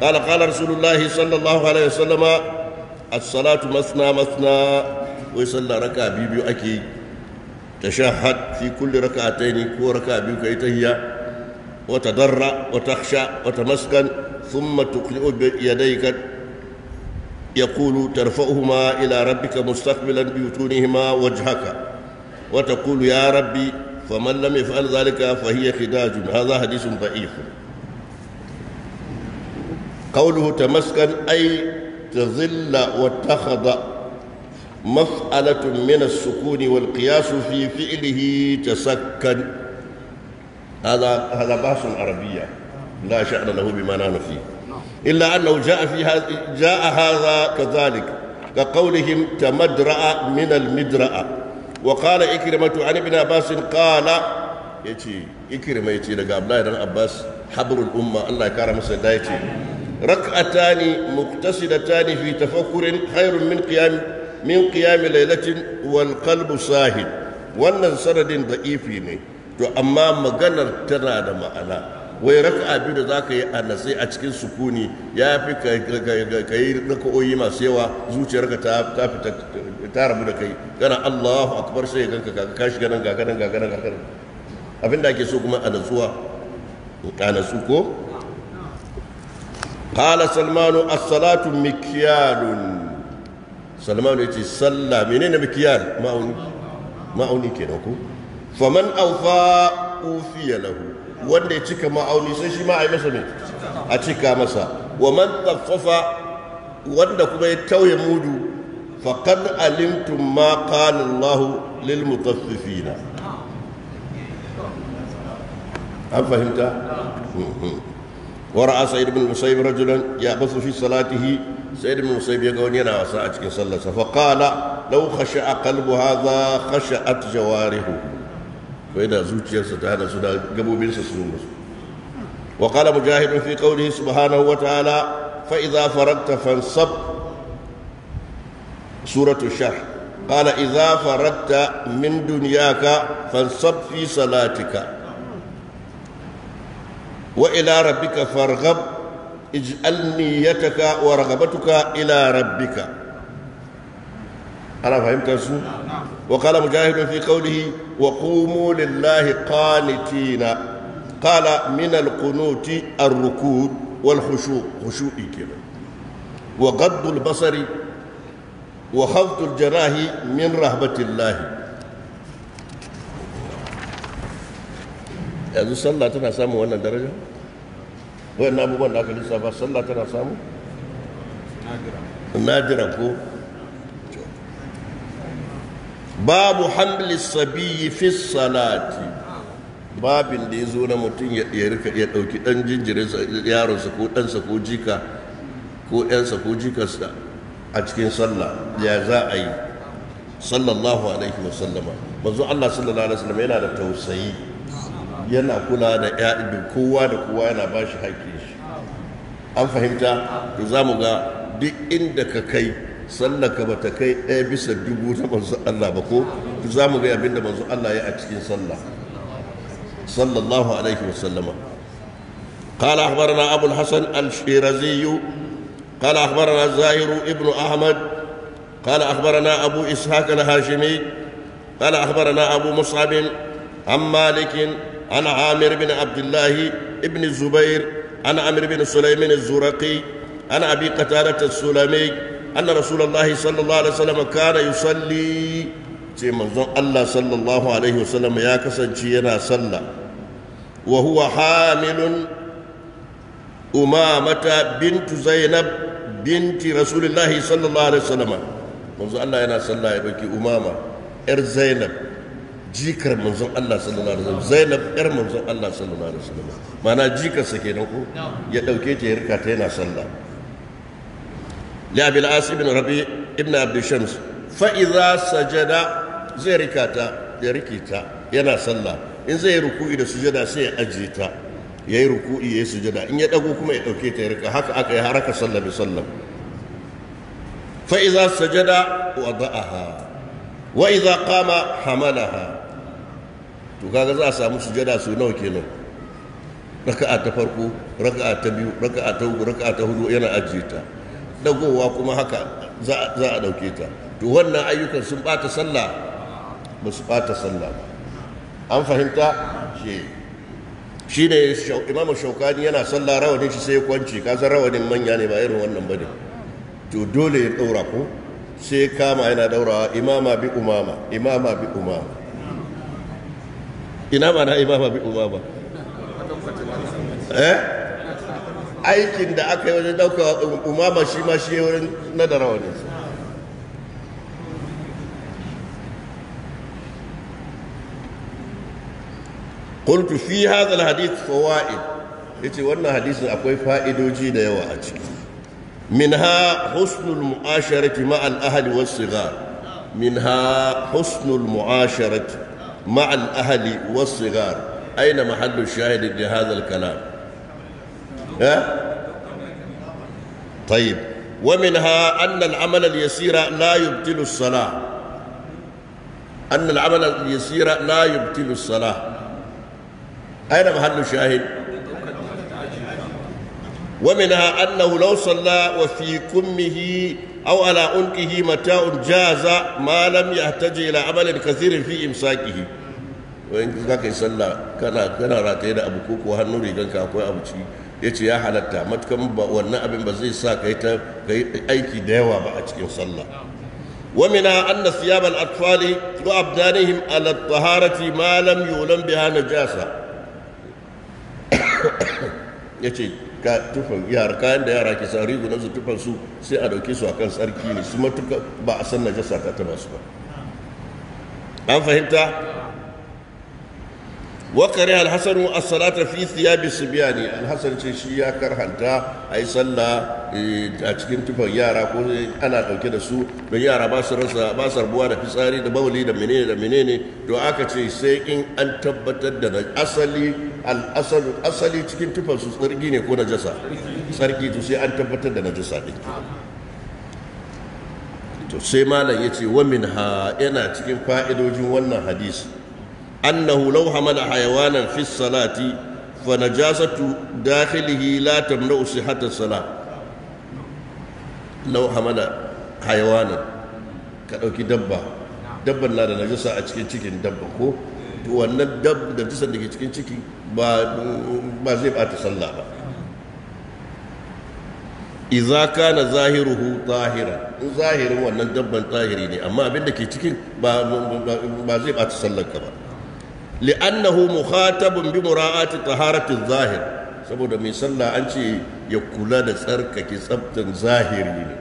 قال قال رسول الله صلى الله عليه وسلم الصلاة مثنى مثنى ويصلى ركعة بيبيو أكي تشهد في كل ركعتين كو ركعة بيو كي تهيأ وتضرع وتخشع وتمسكن ثم تقلئ بيديك يقول ترفعهما إلى ربك مستقبلا بيتونهما وجهك وتقول يا ربي فمن لم يفعل ذلك فهي خداج هذا حديث ضعيف قوله تمسكن أي تظل وتخضع مفعلة من السكون والقياس في فعله تسكن هذا هذا بحث عربية لا شأن له بما نحن فيه إلا أنه جاء في هذا جاء هذا كذلك كقولهم تمدرأ من المدرأة وقال إكرمة عن ابن عباس قال يتي إكرمة يتي لقى عبد الله بن عباس حبر الأمة الله يكرم سيدنا ركعتان مقتصدتان في تفكر خير من قيام من قيام ليلة والقلب ساهل wannan سرد ضعيف ني تو اما maganar tana ده معنى وي raka'a biyu da zaka yi a natsai cikin sukuni ya fi kai kai rakoyi masu yawa zuciyarka ta ta fita ta rabu da kai kana Allahu akbar sai ganka ka ka shiga nan gaga nan gaga nan gaga abinda ake so kuma a natsuwa ka natsu ko qala salmanu a salatu mikyalun salmanu yace salla menene mikyal ma'auni ma'auni kenan ko faman awfa ufiya wanda ya cika ma'auni sai shi ma a yi masa ne a cika masa wa man taffafa wanda kuma ya tauye mudu kan alimtum ma qala Allah lil mutaffifina an fahimta hmm, hmm. ورأى سيد بن المسيب رجلا يعبث في صلاته سيد بن المسيب يقول ينا وساعة كسلة فقال لو خشع قلب هذا خشعت جوارحه فإذا زوجت يسد هذا سنة قبو بن وقال مجاهد في قوله سبحانه وتعالى فإذا فرغت فانصب سورة الشرح قال إذا فرغت من دنياك فانصب في صلاتك وإلى ربك فارغب اجعل نيتك ورغبتك إلى ربك أنا فهمت سو نعم، نعم. وقال مجاهد في قوله وقوموا لله قانتين قال من القنوت الركود والخشوع خشوع كذا وغض البصر وخفض الجناه من رهبة الله yanzu sallah tana samun wannan درجة wayan abubuwan da aka lissafa sallah tana samu nadira ko babu hamli fi salati babin da ya zo na mutum ya rika ya dauki dan jinjirin yaronsa ko ɗansa ko jika ko ɗansa ko jikarsa a cikin sallah ya za a yi sallallahu alaihi wasallama mazu Allah sallallahu alaihi wasallama yana da tausayi yana kula da kowa da kowa yana bashi haƙƙi an fahimta to za mu ga duk inda ka kai sallaka ba ta kai ɗaya bisa dubu ta manzo Allah ba ko za mu ga abin da manzo Allah ya a cikin sallah sallallahu alaihi wasallama قال أخبرنا أبو الحسن الشيرازي قال أخبرنا الزاهر ابن أحمد قال أخبرنا أبو إسحاق الهاشمي قال أخبرنا أبو مصعب عن مالك عن عامر بن عبد الله ابن الزبير أنا عمرو بن سليم الزرقي أنا أبي قتادة السلمي أن رسول الله صلى الله عليه وسلم كان يصلي sai manzon Allah sallallahu alaihi wasallam ya kasance yana sallah wa huwa hamilun umamata bintu zainab binti rasulullahi sallallahu alaihi wasallam manzon Allah yana sallah ya baki umama yar zainab jikar manzon Allah sallallahu alaihi wasallam Zainab yar manzon Allah sallallahu alaihi wasallam mana jikar sa kenan ko ya dauke ta yarka ta yana sallah Labil As ibn Rabi ibn Abd Shams fa idza sajada zai rikata ya rikita yana sallah in zai yi ruku'i da sujada sai ya ajiye ta yayi ruku'i yayi sujada in ya dago kuma ya dauke ta ya rika haka aka yi haraka sallah bi sallah fa idza sajada wada'aha wa idza qama hamalaha to kaga za a samu sujada su nawa kenan raka'a ta farko raka'a ta biyu raka'a ta uku raka'a ta hudu yana ajiye ta dagowa kuma haka za a dauke ta to wannan ayyukan sun bata sallah ba su bata sallah ba an fahimta shi shi ne imamu shaukani yana sallah rawanin shi sai ya kwanci ka san rawanin manya ne ba irin wannan bane to dole ya daura ko sai kama yana daurawa imama bi umama imama bi umama ina ma na imama bi umama eh aikin da aka yi wajen dauka umama shi ma shi wurin nadara wani قلت في هذا الحديث فوائد yace wannan hadisin akwai fa'idodi da yawa a ciki minha husnul mu'asharati ma'al ahli was sigar minha husnul mu'asharati مع الأهل والصغار أين محل الشاهد لهذا الكلام ها؟ طيب ومنها أن العمل اليسير لا يبطل الصلاة أن العمل اليسير لا يبطل الصلاة أين محل الشاهد ومنها أنه لو صلى وفي كمه أو على عنقه متاع جاز ما لم يحتج إلى عمل كثير في إمساكه وإن ذاك يصلى كان كان راتين أبو كوك وهنوري كان أبو yace ya halatta matukan wannan abin ba zai sa kai ta kai aiki da yawa ba a cikin sallah wa mina anna thiyab al atfali wa abdanihim malam al taharati ma lam ka tufan yara kayan da yara ke sa rigunan su tufan su sai a dauke su akan sarki ne su matuka ba a san najasa ta taba su ba an fahimta وقرأ الحسن الصلاة في ثياب الصبيان الحسن شيا كرهنتا أي صلى أتكلم تبع يارا كون أنا كل كده سو بيارا باسر رسا باسر بوانا في ساري دبولي دمنين دمنين دعاء كشي سيكين أن تبت الدنا أصلي الأصل أصلي تكلم تبع سو سرقيني كون جسا سرقي تسي أن تبت الدنا جسا to sai malam ya ce wa min ha yana cikin fa'idojin wannan hadisi أنه لو حمل حيوانا في الصلاة فنجاسة داخله لا تمنع صحة الصلاة لو حمل حيوانا كأوكي دبا دبا لا نجاسة أتشكي تشكي دبا كو wannan dab da jisan da ke cikin ciki ba zai bata sallah ba iza kana zahiruhu tahira zahirin wannan dabban tahiri ne amma abin da ke cikin ba zai bata ba li'annahu mukhatabun bi mura'ati taharatiz zahir saboda mai sallah an ce ya kula da tsarkake tsaftan zahiri ne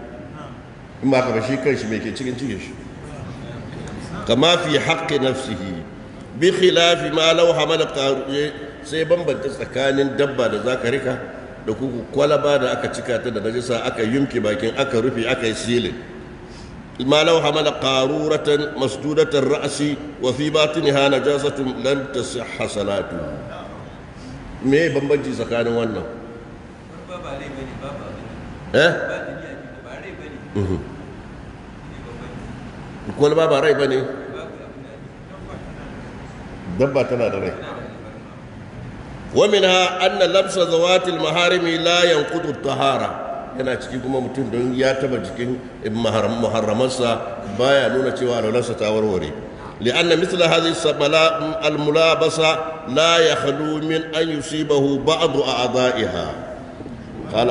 in ba ka shi kanshi mai ke cikin cikin shi kama fi haqqi nafsihi bi khilafi ma law hamala eh, sai bambanta tsakanin dabba da zaka rika da kuku kwalaba da aka cika ta da najasa aka yumke bakin aka rufe aka yi silin ما لو حمل قارورة مسدودة الرأس وفي باطنها نجاسة لم تصح صلاته me bambanci tsakanin wannan eh kuma ba ba rai bane dabba tana da rai ومنها أن لبس ذوات المحارم لا ينقض الطهارة yana ciki kuma mutum don ya taba jikin muharramansa baya nuna cewa alwalarsa ta warware لأن مثل هذه السبلاء الملابسة لا يخلو من أن يصيبه بعض أعضائها قال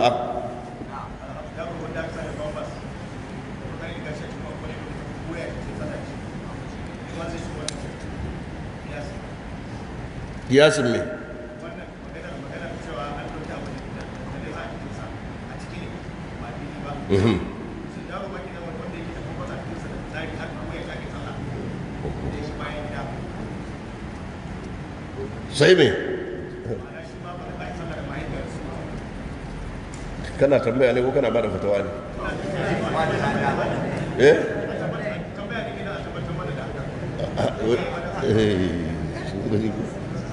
Mhm. sai me kana tambaya ne ko kana bada fatawa ne eh? Eh,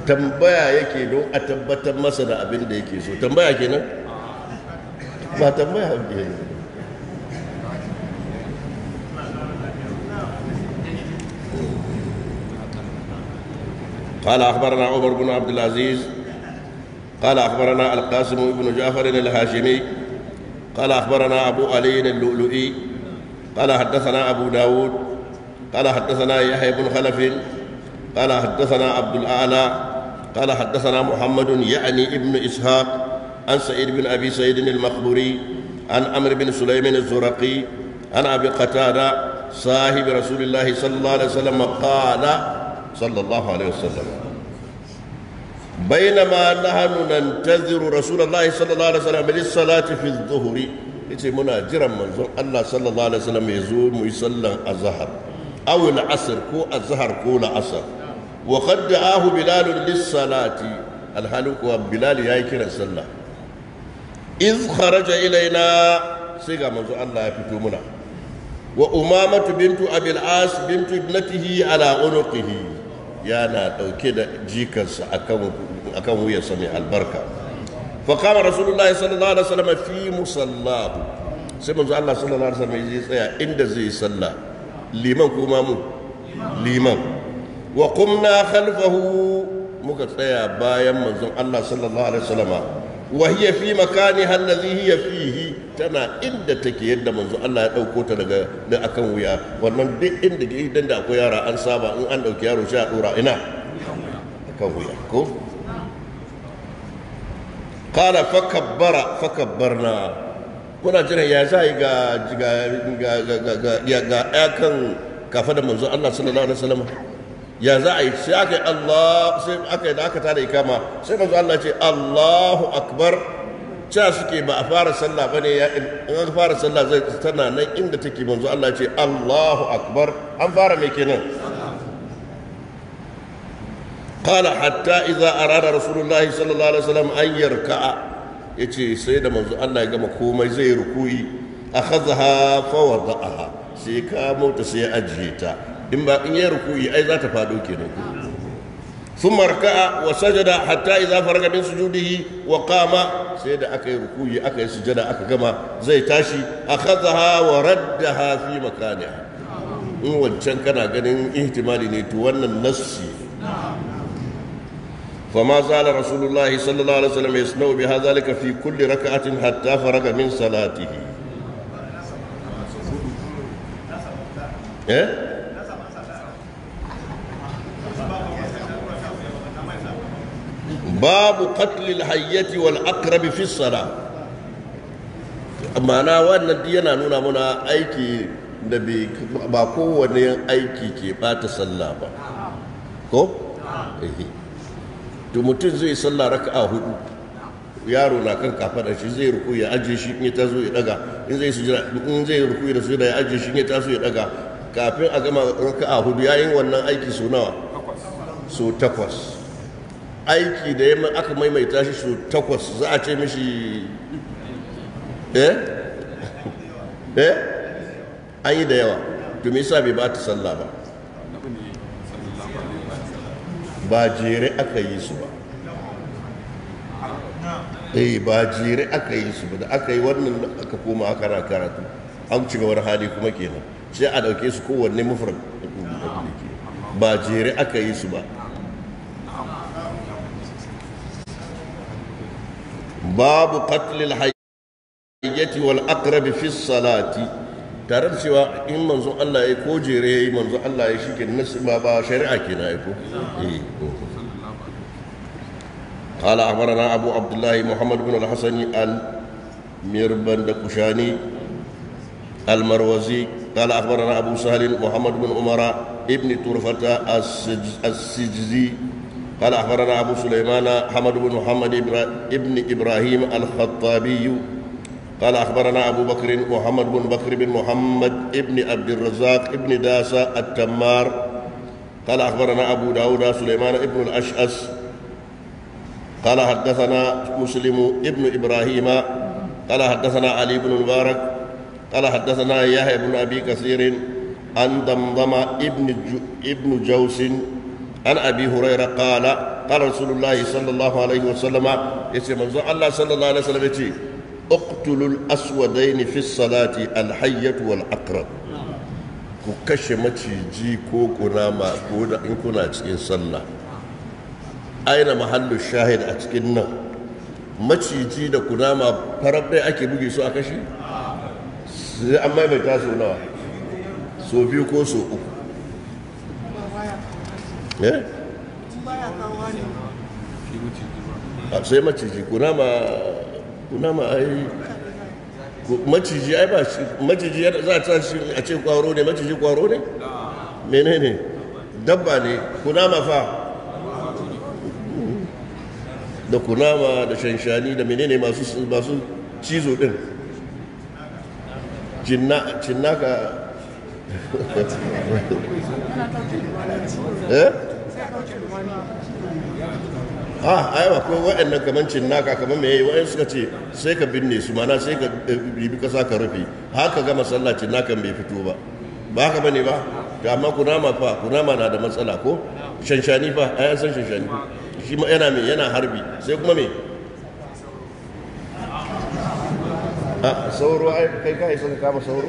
tambaya yake don a tabbatar masa da abin da yake so tambaya kenan ba tambaya ne قال أخبرنا عمر بن عبد العزيز قال أخبرنا القاسم بن جعفر الهاشمي قال أخبرنا أبو علي اللؤلؤي قال حدثنا أبو داود قال حدثنا يحيى بن خلف قال حدثنا عبد الأعلى قال حدثنا محمد يعني ابن إسحاق عن سعيد بن أبي سعيد المخبوري عن أمر بن سليم الزرقي عن أبي قتادة صاحب رسول الله صلى الله عليه وسلم قال صلى الله عليه وسلم بينما نحن ننتظر رسول الله صلى الله عليه وسلم للصلاة في الظهر yace muna jiran manzon Allah sallallahu alaihi wasallam ya zo mu yi sallan azhar aw al-asr ko azhar ko al-asr wa qad da'ahu bilal lis-salati alhalu wa bilal yayi kiran sallah iz kharaja ilaina sai ga manzon Allah ya fito muna wa umamatu bintu abil as bintu ibnatihi ala unuqihi yana dauke da jikansa akan wuyarsa mai albarka faƙama rasulullahi sallallahu alaihi wasallam fi musallahu sai manzo Allah sallallahu alaihi wasallam ya tsaya inda zai salla liman kuma mu liman wa qumna khalfahu muka tsaya bayan manzon Allah sallallahu alaihi wasallam wa hiya fi makani hallazi hiya fihi tana inda take yadda manzo Allah ya dauko ta daga da akan wuya wannan duk inda ke idan da akwai yara an saba in an dauki yaro shi a dora ina akan wuya ko qala fakabbara fakabbarna kuna jira ya sai ga ga ga ga ga ga akan kafa da manzo Allah sallallahu alaihi wasallam ya za a yi sai aka yi Allah sai aka yi da aka tada ikama sai manzo Allah ce Allahu akbar cewa suke ba a fara sallah bane ya in an fara sallah zai tana nan inda take manzo Allah ce Allahu akbar an fara me kenan قال حتى إذا أراد رسول الله صلى الله عليه وسلم أن يركع يتي سيدة منذ الله يقام كوما زي ركوي أخذها فوضعها سيكا موت سيأجيتا in ba in yi rukuyi ai za ta fado kenan da sun marka'a wa sajada hatta iza farga min sujudihi wa qama sai da aka yi rukuyi aka yi sujada aka gama zai tashi akhadha wa raddaha fi makaniha in wancan kana ganin ihtimali ne to wannan nassi فما زال رسول الله صلى الله عليه وسلم يصنع بها ذلك في كل ركعة حتى فرغ من صلاته. إيه؟ babu qatlil hayyati wal aqrab fi sala na wannan yana nuna muna aiki da ba kowane aiki ke bata sallah ba ko to mutum zai sallah raka'a hudu yaro na kan kafada shi zai ruku ya aje shi in ya taso ya daga in zai sujira in zai ruku da sujira ya aje shi in ya taso ya daga kafin a gama raka'a hudu yayin wannan aiki sunawa nawa so takwas aiki da ya aka maimaita shi su takwas za a ce mishi eh eh an yi da yawa to me yasa bai ba ta sallah ba ba jere aka yi su ba eh ba jere aka yi su ba da aka yi wannan aka koma aka na karatu an ci gawar hali kuma kenan sai a dauke su kowanne mufrad ba jere aka yi su ba babu qatlil hayyati wal aqrab fi salati tare da cewa in manzon Allah ya ko jere yayi manzon Allah ya shike nasu ba ba shari'a kenan ai ko eh قال أخبرنا أبو عبد الله محمد بن الحسن المربند كشاني المروزي قال أخبرنا أبو سهل محمد بن عمر ابن طرفة السجزي قال أخبرنا أبو سليمان حمد بن محمد بن إبراهيم الخطابي قال أخبرنا أبو بكر محمد بن بكر بن محمد بن عبد الرزاق بن داسة التمار قال أخبرنا أبو داود سليمان بن الأشأس قال حدثنا مسلم بن إبراهيم قال حدثنا علي بن مبارك قال حدثنا يحيى بن أبي كثير عن ضمضم ابن ابن جوس an abi huraira qala qala sallallahu alaihi wasallam yace manzo Allah sallallahu alaihi wasallam yace uqtulul aswadaini fi salati alhayyat wal aqrab ku kashe maciji ko kunama ko da in kuna cikin sallah aina mahallu shahid a cikin nan maciji da kunama farar ɗaya ake buge su a kashe sai an maimaita su nawa so biyu ko so uku Eh? sai maciji kunama kunama ai maciji ai ba maciji za ta shi a ce kwaro ne maciji kwaro ne menene dabba ne kunama fa da kunama da shanshani da menene masu masu cizo din ka. Eh? ah a aiwa ko waɗannan kamancin naka kamar mai waɗansu suka ce sai ka binne su mana sai ka eh, bibi kasa ka rufe haka ga masallacin naka bai fito ba ba haka bane ba to amma kunama fa kunama na da matsala ko shanshani fa ai san shanshani shi ma yana mai yana harbi sai kuma me a ah, sauro ai kai kai sun kama sauro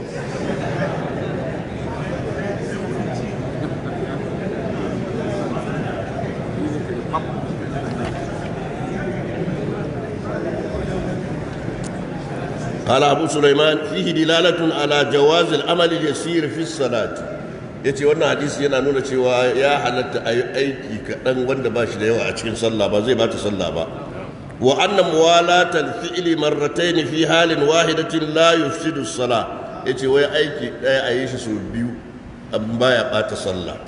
ครับ قال أبو سليمان فيه دلالة على جواز العمل اليسير في الصلاة yace wannan hadisi yana nuna cewa ya halatta a aiki kaɗan wanda ba shi da yawa a cikin sallah ba zai ba ta sallah ba wa anna ilimin fi'li marratayn fi halin wahidatin la yufsidu as-salah yace wai aiki ɗaya a yi shi sau biyu amma baya bata sallah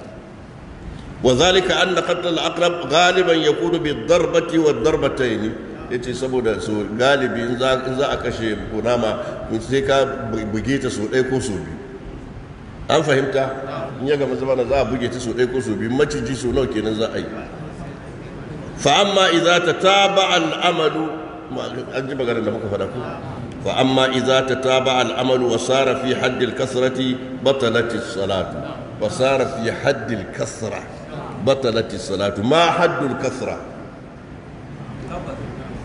وذلك أن قتل الأقرب غالبا يكون بالضربة والضربتين yace saboda su galibi in za a kashe kunama sai ka buge ta su ɗaya ko su biyu an fahimta in ya gama zama za a buge ta su ɗaya ko su biyu maciji su nawa kenan za a yi fa amma idza ta ba al'amalu. an ji maganar da muka faɗa ko fa amma idza ta ba al'amalu wa sara fi hadd al-kasrati batalat salatu wa sara fi hadd al بطلت الصلاة ما حد الكثرة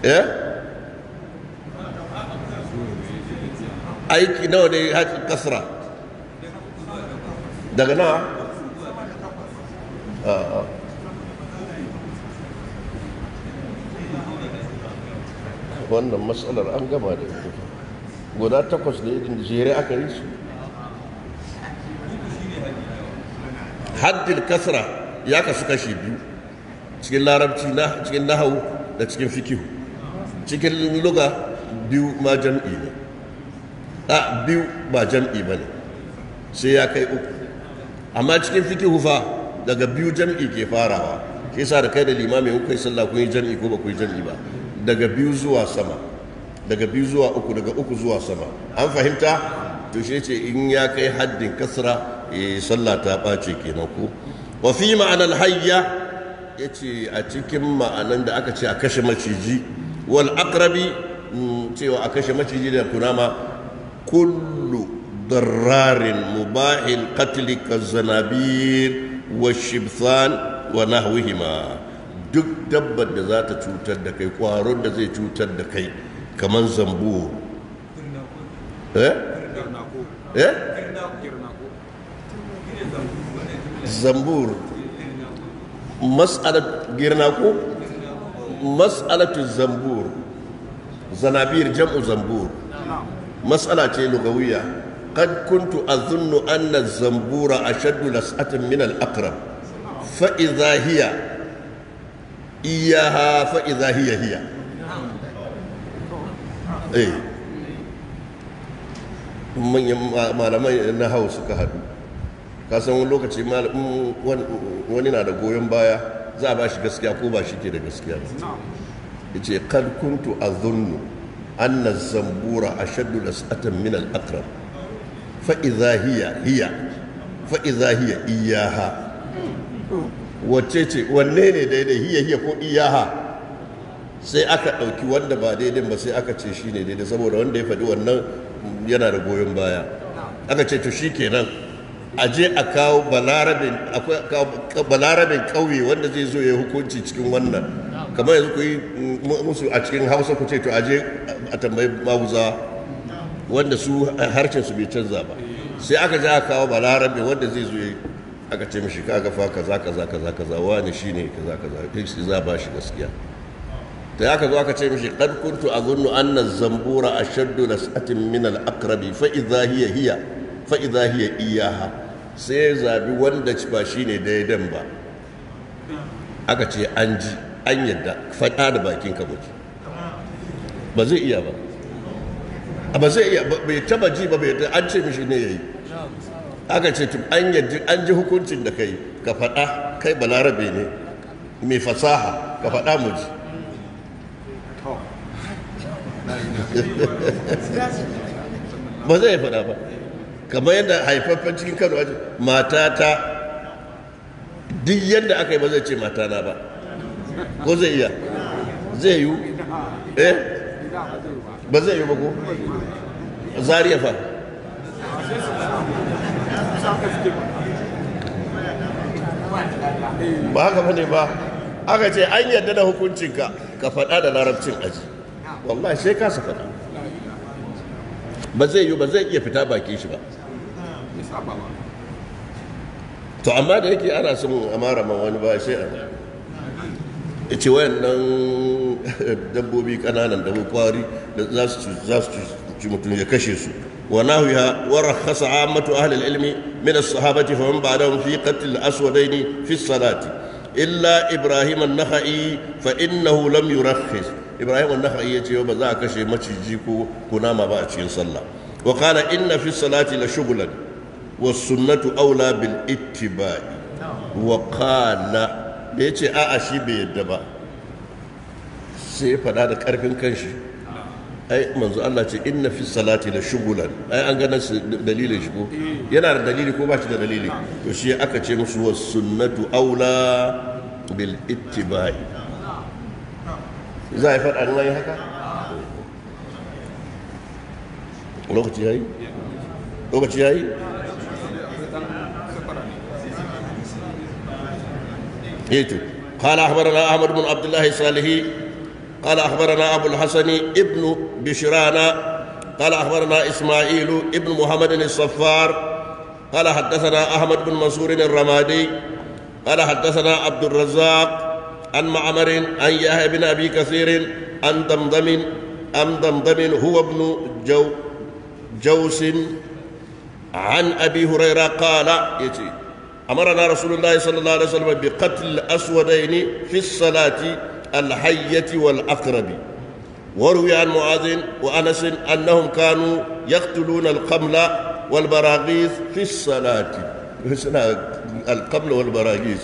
إيه nawa ne haƙin daga nawa wannan matsalar an gama da ita guda takwas ne irin jere aka yi su haddil kasra ya kasu kashi biyu cikin larabci na cikin nahawu da cikin fikihu cikin luga biyu ma jam'i ne a biyu ba jam'i ba ne sai ya kai uku amma cikin fikihu fa daga biyu jam'i ke farawa ke sa da kai da limami in kai sallah kun yi jam'i ko ba ku yi jam'i ba daga biyu zuwa sama daga biyu zuwa uku daga uku zuwa sama an fahimta to shi ce in ya kai haddin kasra eh, sallah ta ɓace kenan ko wa fi ma'anar hayya ya ce a cikin ma'anan da aka ce a kashe maciji wal akrabi mm, cewa a kashe maciji da kunama kullu ضرار مباح القتل كالزنابير والشبثان ونحوهما duk dabbar da za ta cutar da kai kwaron da zai cutar da kai kamar zambo eh? eh? zambur mas'alat girna ko mas'alatu zambur zanabir jam'u zambur mas'ala ce lugawiya kad kuntu azunnu anna zambura ashaddu las'atan min al-aqrab fa idha hiya iyaha fa idha hiya hiya eh malamai na hausa suka haɗu ka san wani lokaci mm, wani na da goyon baya za a ba shi gaskiya ko ba shi ke da gaskiya ba. ya ce kad kuntu a zunnu an na zambura a shaddu da satan min al'akram fa'iza hiya hiya fa'iza hiya iyaha wacce ce wanne ne daidai hiya hiya ko iyaha sai aka ɗauki wanda ba daidai ba sai aka ce shi ne daidai saboda wanda ya faɗi wannan mm, yana da goyon baya aka ce to shi kenan a je a kawo balarabin ƙauye wanda zai zo ya hukunci cikin wannan kamar yanzu ku yi musu a cikin hausa ku ce to a je a tambayi maguza wanda su eh, harshen su bai canza ba sai aka je a kawo balarabe wanda zai zo aka ce mishi kaga fa kaza kaza kaza kaza shi ne kaza kaza shi za ba shi gaskiya da aka zo aka ce mishi qad kuntu azunnu anna zambura ashaddu las'atin min al-aqrabi fa idha hiya hiya fa idha hiya iyaha sai ya zabi wanda ba shi ne daidan ba aka ce an ji an yadda faɗa da bakin ka mutu ba zai iya ba ba zai iya bai taba ji ba bai an ce mishi ne ya yi aka ce an yadda an ji hukuncin da kai ka faɗa kai balarabe ne mai fasaha ka faɗa mu ji ba zai faɗa ba kamar yadda haifaffen cikin kano a matata duk yadda aka yi ba zai ce matana ba ko zai iya zai yi eh ba zai yi ba ko zariya fa ba haka ba ne ba aka ce an yadda da hukuncinka ka faɗa da larabcin aji wallahi sai ka su faɗa ba zai yi ba zai iya fita bakin shi ba sabawa to amma da yake ana son a mara wani ba sai a ce wayannan dabbobi kananan da kwari da za su ci mutum ya kashe su wa nahwiha wa rakhasa ammatu ahli ilmi min as-sahabati fa man ba'dahum fi qatl al-aswadaini fi as-salati illa ibrahim an-nakhai fa innahu lam yurakhis ibrahim an-nakhai ce ba za a kashe maciji ko kunama ba a cikin sallah wa qala inna fi as-salati la shughlan Aula bil أولى بالاتباع وقال da ya ce a'a shi bai yadda ba sai ya faɗa da ƙarfin kanshi ai manzo Allah ce inna fi salati la shugulan ai an gana dalilin shi ko yana da dalili ko ba shi da dalili to shi aka ce musu was sunnatu aula bil ittiba'i za a yi faɗa nan haka lokaci yayi lokaci yayi هيتو قال أخبرنا أحمد بن عبد الله الصالحي قال أخبرنا أبو الحسن ابن بشرانا قال أخبرنا إسماعيل ابن محمد الصفار قال حدثنا أحمد بن منصور الرمادي قال حدثنا عبد الرزاق عن معمر عن يحيى بن أبي كثير عن دمدم أم دمدم هو ابن جو جوس عن أبي هريرة قال يتي أمرنا رسول الله صلى الله عليه وسلم بقتل الأسودين في الصلاة الحية والأقرب وروي عن معاذ وأنس أنهم كانوا يقتلون القمل والبراغيث في الصلاة القمل والبراغيث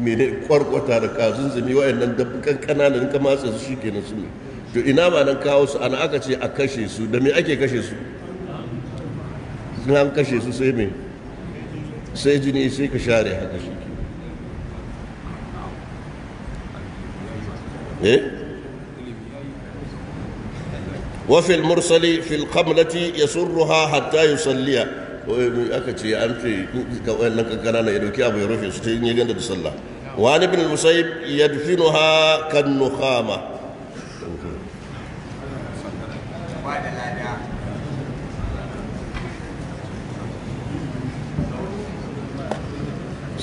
من قرقوة ركازن زمي وإن دبكا كنانا كما سيشيكي نسمي to ina ba nan kawo su ana aka ce a kashe su da me ake kashe su sun kashe su sai me sai jini sai ka share haka shi eh ya المرسل hatta القملة يسرها حتى يصلي akace an ce wannan kankana ya dauki abu ya rufe su ta yi yadda da sallah wani bin musayib yadfinuha kan nukhama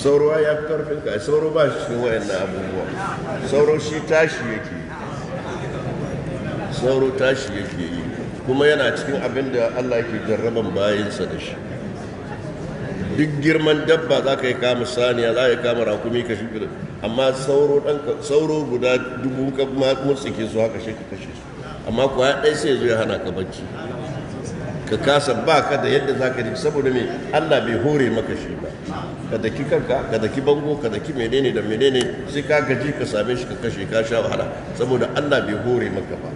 sauro ya fi karfin ka sauro ba shi cikin wayannan abubuwa sauro shi tashi yake sauro tashi yake yi kuma yana cikin abin da Allah ke jarraban bayansa da shi duk girman dabba za ka yi kama saniya za ka yi kama rakumi ka shi amma sauro sauro guda dubu ka mutsike su haka shi ka kashe su amma kuwa ɗaya sai zo ya hana ka bacci ka kasa ba ka da yadda za ka ji saboda mai allah bai hore maka shi ba ka daki kanka ka daki bango ka daki menene da menene sai ka gaji ka same shi ka kashe ka sha wahala saboda allah bai hore maka ba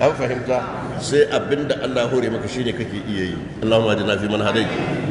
an fahimta sai abinda allah hore maka shi ne kake iya yi allahumma na fi man